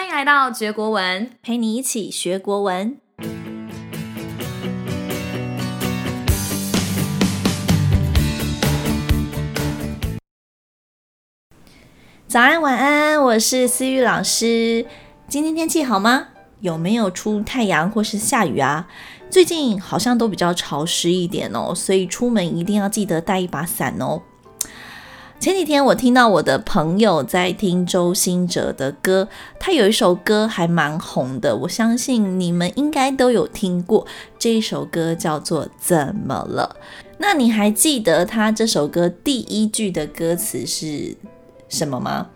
歡迎來到學國文，陪你一起學國文。早安，晚安，我是思雨老師。今天天氣好嗎？有沒有出太陽或是下雨啊？最近好像都比較潮濕一點哦，所以出門一定要記得帶一把傘哦。前幾天我聽到我的朋友在聽周興哲的歌，他有一首歌還蠻紅的，我相信你們應該都有聽過。這首歌叫做《怎麼了》。那你還記得他這首歌第一句的歌詞是什麼嗎？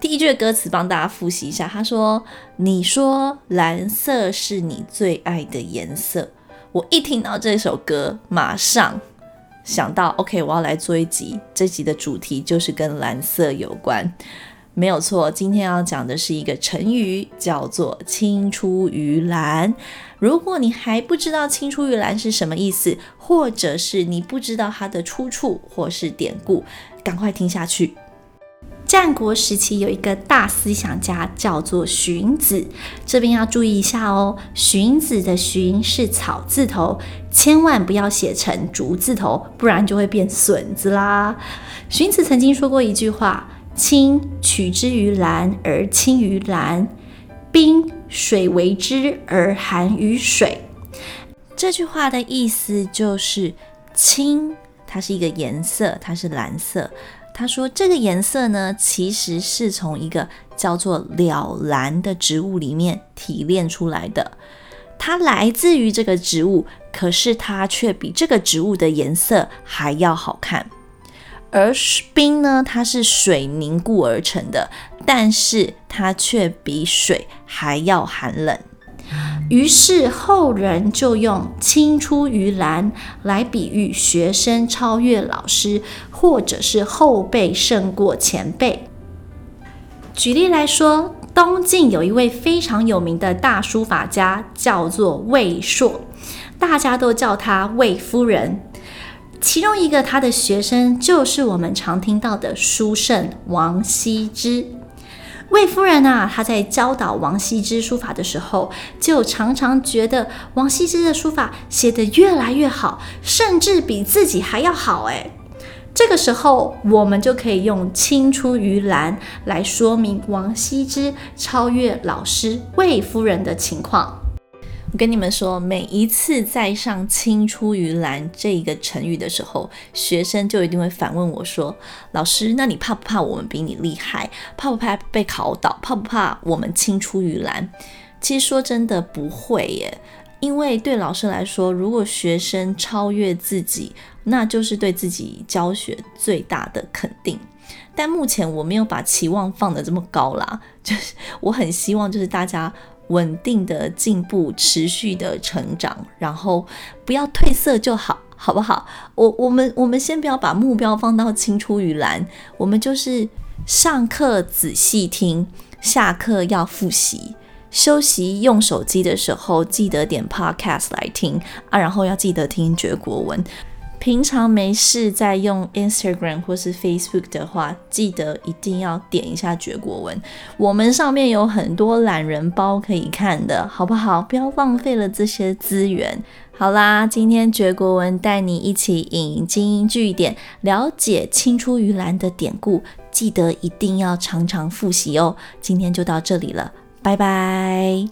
第一句的歌詞幫大家複習一下，他說：“你說藍色是你最愛的顏色。”我一聽到這首歌，馬上。想到，OK，我要來做一集，這集的主題就是跟藍色有關，沒有錯。今天要講的是一個成語，叫做“青出於藍”。如果你還不知道“青出於藍”是什麼意思，或者是你不知道它的出處或是典故，趕快聽下去。戰國時期有一個大思想家叫做荀子，這邊要注意一下哦。荀子的荀是草字頭，千萬不要寫成竹字頭，不然就會變筍子啦。荀子曾經說過一句話：“青，取之於藍而青於藍；冰，水為之而寒於水。”這句話的意思就是，青它是一個顏色，它是藍色。他說：“這個顏色呢，其實是從一個叫做蓼藍的植物裡面提煉出來的。它來自於這個植物，可是它卻比這個植物的顏色還要好看。而冰呢，它是水凝固而成的，但是它卻比水還要寒冷。”於是後人就用“青出於藍”來比喻學生超越老師，或者是後輩勝過前輩。舉例來說，東晉有一位非常有名的大書法家，叫做衛鑠，大家都叫他衛夫人。其中一個他的學生，就是我們常聽到的書聖王羲之。魏夫人呢、啊，她在教導王羲之書法的時候，就常常覺得王羲之的書法寫得越來越好，甚至比自己還要好、欸。哎，這個時候我們就可以用“青出於藍”來說明王羲之超越老師魏夫人的情況。我跟你們說，每一次在上“青出於藍”這一個成語的時候，學生就一定會反問我說：“老師，那你怕不怕我們比你厲害？怕不怕被考倒？怕不怕我們青出於藍？”其實說真的，不會耶，因為對老師來說，如果學生超越自己，那就是對自己教學最大的肯定。但目前我沒有把期望放得這麼高啦，就是我很希望就是大家。穩定的進步，持續的成長，然後不要褪色就好，好不好？我我們我們先不要把目標放到青出於藍，我們就是上課仔細聽，下課要複習，休息用手機的時候記得點 podcast 來聽啊，然後要記得聽絕國文。平常沒事在用 Instagram 或是 Facebook 的話，記得一定要點一下絕國文，我們上面有很多懶人包可以看的，好不好？不要浪費了這些資源。好啦，今天絕國文帶你一起引經據典，了解青出於藍的典故，記得一定要常常複習哦。今天就到這裡了，拜拜。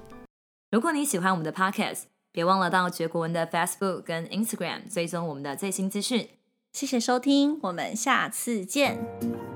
如果你喜歡我們的 Podcast，別忘了到絕國文的 Facebook 跟 Instagram 追蹤我們的最新資訊。謝謝收聽，我們下次見。